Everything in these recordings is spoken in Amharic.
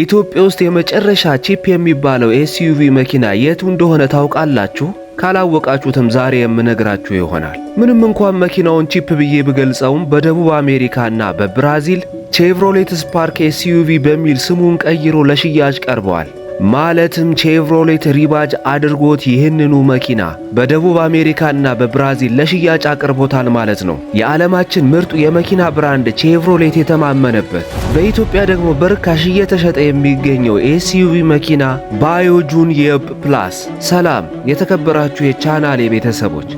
ኢትዮጵያ ውስጥ የመጨረሻ ቺፕ የሚባለው ኤስዩቪ መኪና የቱ እንደሆነ ታውቃላችሁ? ካላወቃችሁትም ዛሬ የምነግራችሁ ይሆናል። ምንም እንኳን መኪናውን ቺፕ ብዬ ብገልጸውም በደቡብ አሜሪካና በብራዚል ቼቭሮሌት ስፓርክ ኤስዩቪ በሚል ስሙን ቀይሮ ለሽያጭ ቀርበዋል። ማለትም ቼቭሮሌት ሪባጅ አድርጎት ይህንኑ መኪና በደቡብ አሜሪካና በብራዚል ለሽያጭ አቅርቦታል ማለት ነው። የዓለማችን ምርጡ የመኪና ብራንድ ቼቭሮሌት የተማመነበት በኢትዮጵያ ደግሞ በርካሽ እየተሸጠ የሚገኘው ኤስዩቪ መኪና ባዮ የብ ፕላስ። ሰላም የተከበራችሁ የቻናሌ ቤተሰቦች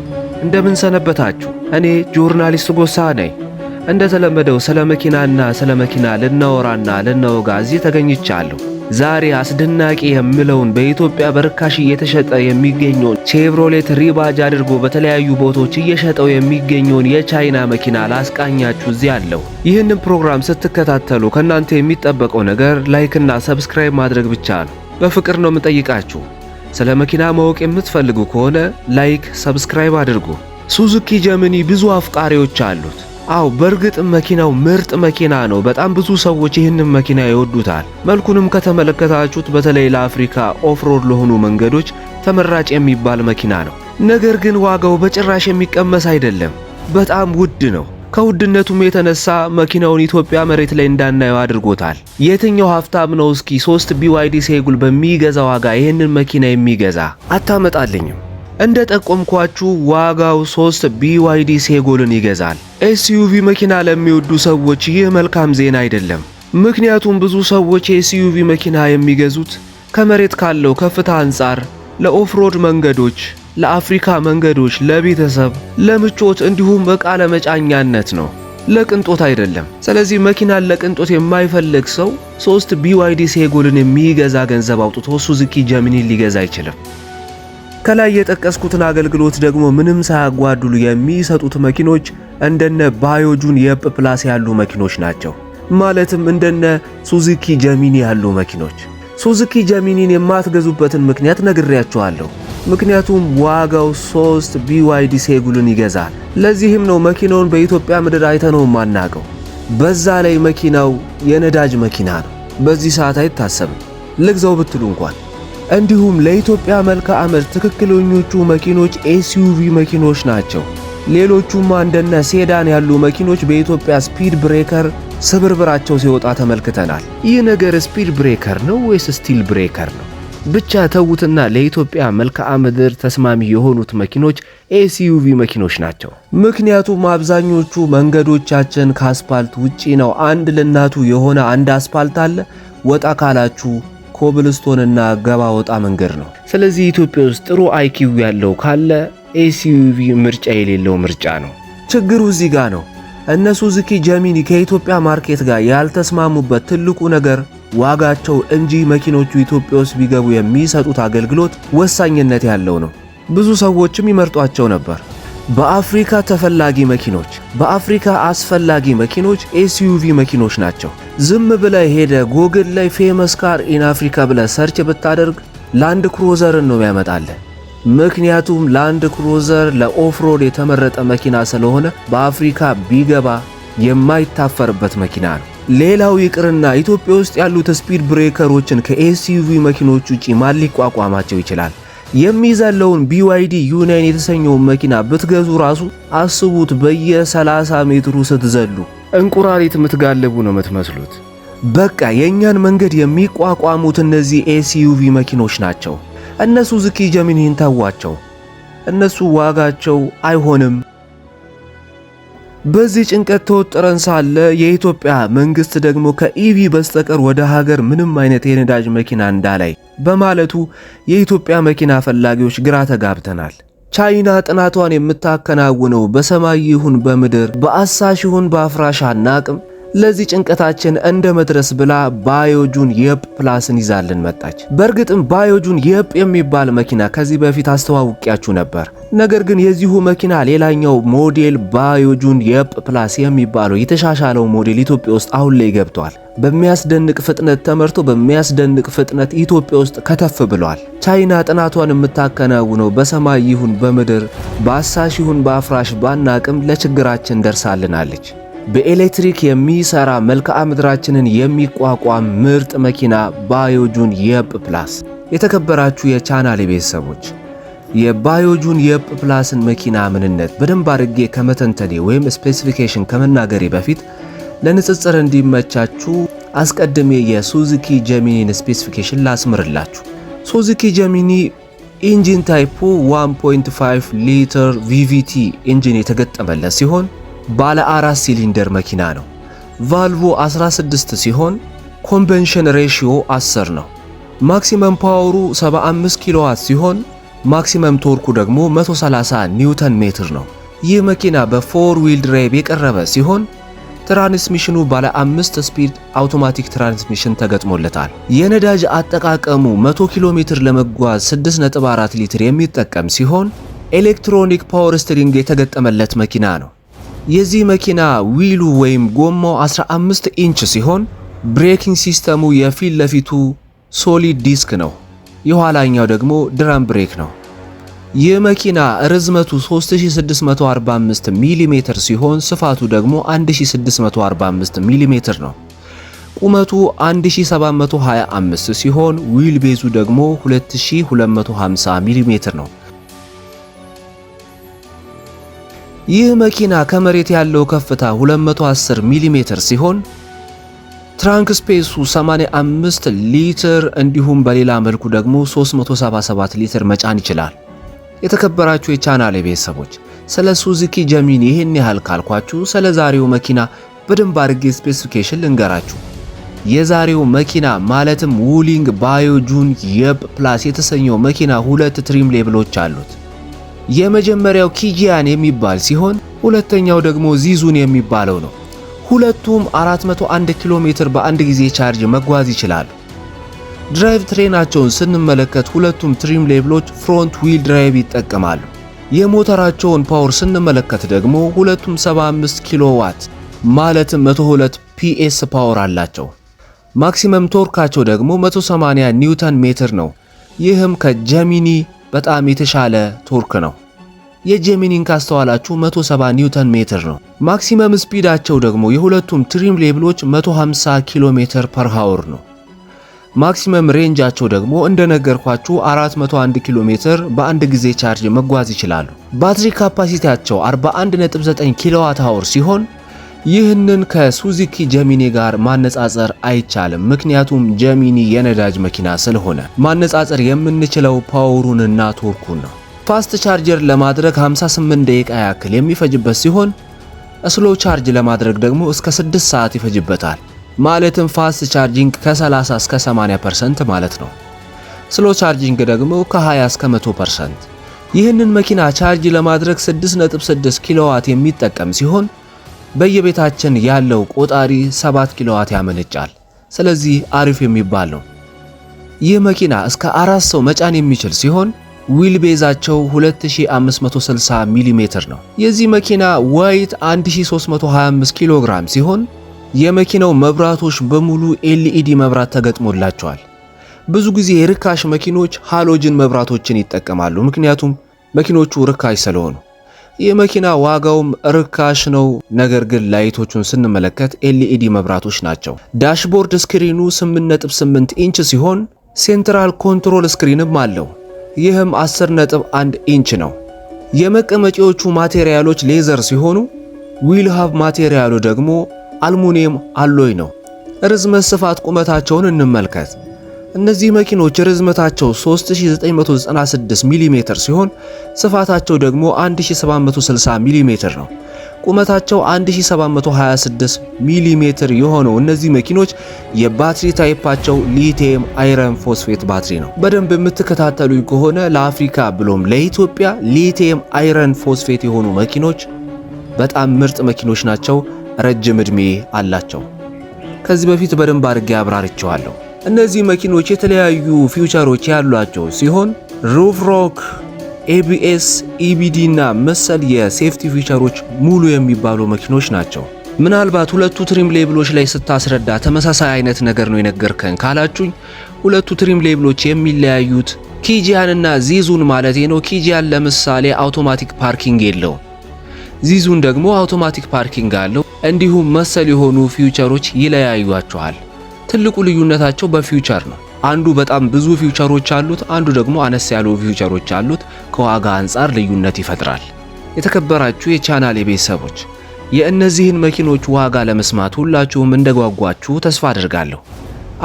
እንደምን ሰነበታችሁ? እኔ ጆርናሊስት ጎሳ ነኝ። እንደተለመደው ስለ መኪናና ስለ መኪና ልናወራና ልናወጋ እዚህ ተገኝቻለሁ። ዛሬ አስደናቂ የሚለውን በኢትዮጵያ በርካሽ እየተሸጠ የሚገኘውን ቼቭሮሌት ሪባጅ አድርጎ በተለያዩ ቦታዎች እየሸጠው የሚገኘውን የቻይና መኪና ላስቃኛችሁ እዚህ አለሁ። ይህንን ፕሮግራም ስትከታተሉ ከእናንተ የሚጠበቀው ነገር ላይክና ሰብስክራይብ ማድረግ ብቻ ነው። በፍቅር ነው የምጠይቃችሁ። ስለ መኪና ማወቅ የምትፈልጉ ከሆነ ላይክ፣ ሰብስክራይብ አድርጉ። ሱዙኪ ጀምኒ ብዙ አፍቃሪዎች አሉት። አው በእርግጥ መኪናው ምርጥ መኪና ነው። በጣም ብዙ ሰዎች ይህንን መኪና ይወዱታል። መልኩንም ከተመለከታችሁት በተለይ ለአፍሪካ ኦፍሮድ ለሆኑ መንገዶች ተመራጭ የሚባል መኪና ነው። ነገር ግን ዋጋው በጭራሽ የሚቀመስ አይደለም፣ በጣም ውድ ነው። ከውድነቱም የተነሳ መኪናውን ኢትዮጵያ መሬት ላይ እንዳናየው አድርጎታል። የትኛው ሀብታም ነው እስኪ ሶስት ቢዋይዲ ሴጉል በሚገዛ ዋጋ ይህንን መኪና የሚገዛ? አታመጣልኝም። እንደ ጠቆምኳችሁ ዋጋው 3 ቢዋይዲ ሴጎልን ይገዛል። ኤስዩቪ መኪና ለሚወዱ ሰዎች ይህ መልካም ዜና አይደለም። ምክንያቱም ብዙ ሰዎች ኤስዩቪ መኪና የሚገዙት ከመሬት ካለው ከፍታ አንጻር ለኦፍሮድ መንገዶች፣ ለአፍሪካ መንገዶች፣ ለቤተሰብ፣ ለምቾት እንዲሁም ዕቃ ለመጫኛነት ነው፣ ለቅንጦት አይደለም። ስለዚህ መኪናን ለቅንጦት የማይፈልግ ሰው 3 ቢዋይዲ ሴጎልን የሚገዛ ገንዘብ አውጥቶ ሱዙኪ ጀሚኒን ሊገዛ አይችልም። ከላይ የጠቀስኩትን አገልግሎት ደግሞ ምንም ሳያጓድሉ የሚሰጡት መኪኖች እንደነ ባዮጁን የፕ ፕላስ ያሉ መኪኖች ናቸው። ማለትም እንደነ ሱዙኪ ጀሚኒ ያሉ መኪኖች። ሱዙኪ ጀሚኒን የማትገዙበትን ምክንያት ነግሬያችኋለሁ። ምክንያቱም ዋጋው 3 ቢዋይዲ ሴጉልን ይገዛል። ለዚህም ነው መኪናውን በኢትዮጵያ ምድር አይተነው ማናቀው። በዛ ላይ መኪናው የነዳጅ መኪና ነው። በዚህ ሰዓት አይታሰብም ልግዛው ብትሉ እንኳን እንዲሁም ለኢትዮጵያ መልክዓ ምድር ትክክለኞቹ መኪኖች ኤስዩቪ መኪኖች ናቸው። ሌሎቹም እንደነ ሴዳን ያሉ መኪኖች በኢትዮጵያ ስፒድ ብሬከር ስብርብራቸው ሲወጣ ተመልክተናል። ይህ ነገር ስፒድ ብሬከር ነው ወይስ ስቲል ብሬከር ነው? ብቻ ተዉትና ለኢትዮጵያ መልክዓ ምድር ተስማሚ የሆኑት መኪኖች ኤስዩቪ መኪኖች ናቸው። ምክንያቱም አብዛኞቹ መንገዶቻችን ከአስፓልት ውጪ ነው። አንድ ለእናቱ የሆነ አንድ አስፓልት አለ። ወጣ ካላችሁ ኮብልስቶንና ገባ ወጣ መንገድ ነው። ስለዚህ ኢትዮጵያ ውስጥ ጥሩ አይኪው ያለው ካለ ኤስዩቪ ምርጫ የሌለው ምርጫ ነው። ችግሩ እዚህ ጋር ነው። እነ ሱዙኪ ጀሚኒ ከኢትዮጵያ ማርኬት ጋር ያልተስማሙበት ትልቁ ነገር ዋጋቸው እንጂ መኪኖቹ ኢትዮጵያ ውስጥ ቢገቡ የሚሰጡት አገልግሎት ወሳኝነት ያለው ነው። ብዙ ሰዎችም ይመርጧቸው ነበር። በአፍሪካ ተፈላጊ መኪኖች፣ በአፍሪካ አስፈላጊ መኪኖች ኤስዩቪ መኪኖች ናቸው። ዝም ብለ ሄደ ጎግል ላይ ፌመስ ካር ኢን አፍሪካ ብለ ሰርች ብታደርግ ላንድ ክሩዘርን ነው የሚያመጣለ። ምክንያቱም ላንድ ክሩዘር ለኦፍሮድ የተመረጠ መኪና ስለሆነ በአፍሪካ ቢገባ የማይታፈርበት መኪና ነው። ሌላው ይቅርና ኢትዮጵያ ውስጥ ያሉት ስፒድ ብሬከሮችን ከኤስዩቪ መኪኖች ውጪ ማን ሊቋቋማቸው ይችላል? የሚዘለውን ቢዋይዲ ዩናይን የተሰኘውን መኪና ብትገዙ ራሱ አስቡት በየ30 ሜትሩ ስትዘሉ እንቁራሪት የምትጋልቡ ነው የምትመስሉት። በቃ የእኛን መንገድ የሚቋቋሙት እነዚህ ኤስዩቪ መኪኖች ናቸው። እነሱ ዝኪ ጀሚኒን ተዋቸው። እነሱ ዋጋቸው አይሆንም። በዚህ ጭንቀት ተወጥረን ሳለ የኢትዮጵያ መንግስት ደግሞ ከኢቪ በስተቀር ወደ ሀገር ምንም አይነት የነዳጅ መኪና እንዳላይ በማለቱ የኢትዮጵያ መኪና ፈላጊዎች ግራ ተጋብተናል። ቻይና ጥናቷን የምታከናውነው በሰማይ ይሁን በምድር በአሳሽ ይሁን በአፍራሽ አናቅም ለዚህ ጭንቀታችን እንደ መድረስ ብላ ባዮጁን የፕ ፕላስን ይዛልን መጣች። በእርግጥም ባዮጁን የፕ የሚባል መኪና ከዚህ በፊት አስተዋውቂያችሁ ነበር። ነገር ግን የዚሁ መኪና ሌላኛው ሞዴል ባዮጁን የፕ ፕላስ የሚባለው የተሻሻለው ሞዴል ኢትዮጵያ ውስጥ አሁን ላይ ገብቷል። በሚያስደንቅ ፍጥነት ተመርቶ በሚያስደንቅ ፍጥነት ኢትዮጵያ ውስጥ ከተፍ ብሏል። ቻይና ጥናቷን የምታከናውነው በሰማይ ይሁን በምድር በአሳሽ ይሁን በአፍራሽ ባናቅም ለችግራችን ደርሳልናለች። በኤሌክትሪክ የሚሰራ መልክዓ ምድራችንን የሚቋቋም ምርጥ መኪና ባዮጁን የፕ ፕላስ። የተከበራችሁ የቻናሌ ቤተሰቦች የባዮጁን የፕ ፕላስን መኪና ምንነት በደንብ አድርጌ ከመተንተኔ ወይም ስፔሲፊኬሽን ከመናገሬ በፊት ለንጽጽር እንዲመቻችሁ አስቀድሜ የሱዚኪ ጀሚኒን ስፔሲፊኬሽን ላስምርላችሁ። ሱዙኪ ጀሚኒ ኢንጂን ታይፑ 1.5 ሊትር ቪቪቲ ኢንጂን የተገጠመለት ሲሆን ባለ አራት ሲሊንደር መኪና ነው። ቫልቮ 16 ሲሆን ኮንቨንሽን ሬሽዮ 10 ነው። ማክሲመም ፓወሩ 75 ኪሎዋት ሲሆን ማክሲመም ቶርኩ ደግሞ 130 ኒውተን ሜትር ነው። ይህ መኪና በፎር ዊል ድራይቭ የቀረበ ሲሆን ትራንስሚሽኑ ባለ አምስት ስፒድ አውቶማቲክ ትራንስሚሽን ተገጥሞለታል። የነዳጅ አጠቃቀሙ 100 ኪሎ ሜትር ለመጓዝ 6.4 ሊትር የሚጠቀም ሲሆን ኤሌክትሮኒክ ፓወር ስትሪንግ የተገጠመለት መኪና ነው። የዚህ መኪና ዊሉ ወይም ጎማው 15 ኢንች ሲሆን ብሬኪንግ ሲስተሙ የፊት ለፊቱ ሶሊድ ዲስክ ነው፣ የኋላኛው ደግሞ ድራም ብሬክ ነው። ይህ መኪና ርዝመቱ 3645 ሚሜ ሲሆን ስፋቱ ደግሞ 1645 ሚሜ ነው። ቁመቱ 1725 ሲሆን ዊል ቤዙ ደግሞ 2250 ሚሜ ነው። ይህ መኪና ከመሬት ያለው ከፍታ 210 ሚሜ ሲሆን ትራንክ ስፔሱ 85 ሊትር እንዲሁም በሌላ መልኩ ደግሞ 377 ሊትር መጫን ይችላል። የተከበራችሁ የቻናሌ ቤተሰቦች ስለ ሱዚኪ ጀሚኒ ይህን ያህል ካልኳችሁ ስለ ዛሬው መኪና በደንብ አድርጌ ስፔሲፊኬሽን ልንገራችሁ። የዛሬው መኪና ማለትም ውሊንግ ባዮጁን የፕ ፕላስ የተሰኘው መኪና ሁለት ትሪም ሌብሎች አሉት። የመጀመሪያው ኪጂያን የሚባል ሲሆን ሁለተኛው ደግሞ ዚዙን የሚባለው ነው። ሁለቱም 401 ኪሎ ሜትር በአንድ ጊዜ ቻርጅ መጓዝ ይችላሉ። ድራይቭ ትሬናቸውን ስንመለከት ሁለቱም ትሪም ሌብሎች ፍሮንት ዊል ድራይቭ ይጠቀማሉ። የሞተራቸውን ፓወር ስንመለከት ደግሞ ሁለቱም 75 ኪሎ ዋት ማለትም 102 ፒኤስ ፓወር አላቸው። ማክሲመም ቶርካቸው ደግሞ 180 ኒውተን ሜትር ነው። ይህም ከጀሚኒ በጣም የተሻለ ቶርክ ነው። የጄሚኒን ካስተዋላችሁ 170 ኒውተን ሜትር ነው። ማክሲመም ስፒዳቸው ደግሞ የሁለቱም ትሪም ሌብሎች 150 ኪሎ ሜትር ፐር ሃወር ነው። ማክሲመም ሬንጃቸው ደግሞ እንደነገርኳችሁ 401 ኪሎ ሜትር በአንድ ጊዜ ቻርጅ መጓዝ ይችላሉ። ባትሪ ካፓሲቲያቸው 41.9 ኪሎዋት ሃወር ሲሆን ይህንን ከሱዚኪ ጀሚኒ ጋር ማነጻጸር አይቻልም፣ ምክንያቱም ጀሚኒ የነዳጅ መኪና ስለሆነ። ማነጻጸር የምንችለው ፓወሩንና ቶርኩን ነው። ፋስት ቻርጀር ለማድረግ 58 ደቂቃ ያክል የሚፈጅበት ሲሆን ስሎ ቻርጅ ለማድረግ ደግሞ እስከ 6 ሰዓት ይፈጅበታል። ማለትም ፋስት ቻርጂንግ ከ30 እስከ 80% ማለት ነው። ስሎ ቻርጂንግ ደግሞ ከ20 እስከ 100%። ይህንን መኪና ቻርጅ ለማድረግ 6.6 ኪሎዋት የሚጠቀም ሲሆን በየቤታችን ያለው ቆጣሪ 7 ኪሎዋት ያመነጫል። ስለዚህ አሪፍ የሚባል ነው። ይህ መኪና እስከ አራት ሰው መጫን የሚችል ሲሆን ዊል ቤዛቸው 2560 ሚሜ ነው። የዚህ መኪና ዋይት 1325 ኪሎ ግራም ሲሆን የመኪናው መብራቶች በሙሉ ኤልኢዲ መብራት ተገጥሞላቸዋል። ብዙ ጊዜ የርካሽ መኪኖች ሃሎጅን መብራቶችን ይጠቀማሉ፣ ምክንያቱም መኪኖቹ ርካሽ ስለሆኑ የመኪና ዋጋውም ርካሽ ነው። ነገር ግን ላይቶቹን ስንመለከት ኤልኢዲ መብራቶች ናቸው። ዳሽቦርድ ስክሪኑ 8.8 ኢንች ሲሆን ሴንትራል ኮንትሮል ስክሪንም አለው። ይህም 10.1 ኢንች ነው። የመቀመጫዎቹ ማቴሪያሎች ሌዘር ሲሆኑ ዊል ሃብ ማቴሪያሉ ደግሞ አልሙኒየም አሎይ ነው። ርዝመት፣ ስፋት፣ ቁመታቸውን እንመልከት። እነዚህ መኪኖች ርዝመታቸው 3996 ሚሜ ሲሆን ስፋታቸው ደግሞ 1760 ሚሜ ነው። ቁመታቸው 1726 ሚሜ የሆነው እነዚህ መኪኖች የባትሪ ታይፓቸው ሊቲየም አይረን ፎስፌት ባትሪ ነው። በደንብ የምትከታተሉኝ ከሆነ ለአፍሪካ ብሎም ለኢትዮጵያ ሊቲየም አይረን ፎስፌት የሆኑ መኪኖች በጣም ምርጥ መኪኖች ናቸው። ረጅም ዕድሜ አላቸው። ከዚህ በፊት በደንብ አድርጌ አብራርቸዋለሁ። እነዚህ መኪኖች የተለያዩ ፊውቸሮች ያሏቸው ሲሆን ሩፍ ሮክ፣ ኤቢኤስ፣ ኢቢዲ እና መሰል የሴፍቲ ፊውቸሮች ሙሉ የሚባሉ መኪኖች ናቸው። ምናልባት ሁለቱ ትሪም ሌብሎች ላይ ስታስረዳ ተመሳሳይ አይነት ነገር ነው የነገርከን ካላችሁኝ ሁለቱ ትሪም ሌብሎች የሚለያዩት ኪጂያን ዚዙን ማለት ነው። ኪጂያን ለምሳሌ አውቶማቲክ ፓርኪንግ የለው። ዚዙን ደግሞ አውቶማቲክ ፓርኪንግ አለው። እንዲሁም መሰል የሆኑ ፊውቸሮች ይለያዩቸዋል። ትልቁ ልዩነታቸው በፊውቸር ነው። አንዱ በጣም ብዙ ፊውቸሮች አሉት፣ አንዱ ደግሞ አነስ ያሉ ፊውቸሮች አሉት። ከዋጋ አንጻር ልዩነት ይፈጥራል። የተከበራችሁ የቻናል ቤተሰቦች የእነዚህን መኪኖች ዋጋ ለመስማት ሁላችሁም እንደጓጓችሁ ተስፋ አድርጋለሁ።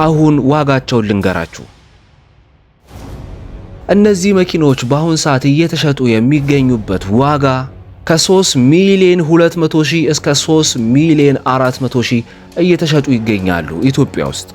አሁን ዋጋቸውን ልንገራችሁ። እነዚህ መኪኖች በአሁን ሰዓት እየተሸጡ የሚገኙበት ዋጋ ከ3 ሚሊዮን 200 ሺህ እስከ 3 ሚሊዮን 400 ሺህ እየተሸጡ ይገኛሉ ኢትዮጵያ ውስጥ።